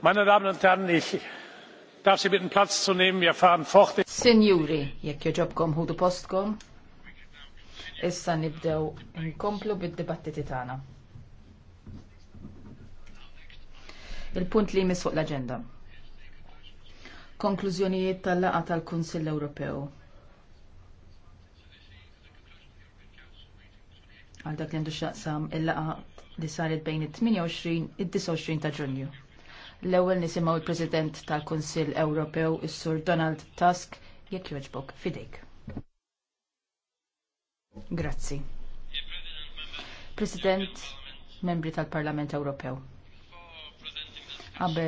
Meine Damen und Herren, ich darf Sie bitten, Platz zu nehmen. Wir fahren fort. Signori, jekk joġobkom ħudu postkom, issa nibdew nkomplu bid-dibattiti tagħna. Il-punt li jmiss fuq l-aġenda. Konklużjonijiet tal laqgħa tal-Kunsill Ewropew. Għal dak li għandu xaqsam il laqgħa li saret bejn it-28 id-29 ta' Ġunju. L-ewwel nisimgħu l-President tal-Kunsill Ewropew is-Sur Donald Tusk jekk jogħġbok fidejk. Grazzi. President, membri tal-Parlament Ewropew. Qabel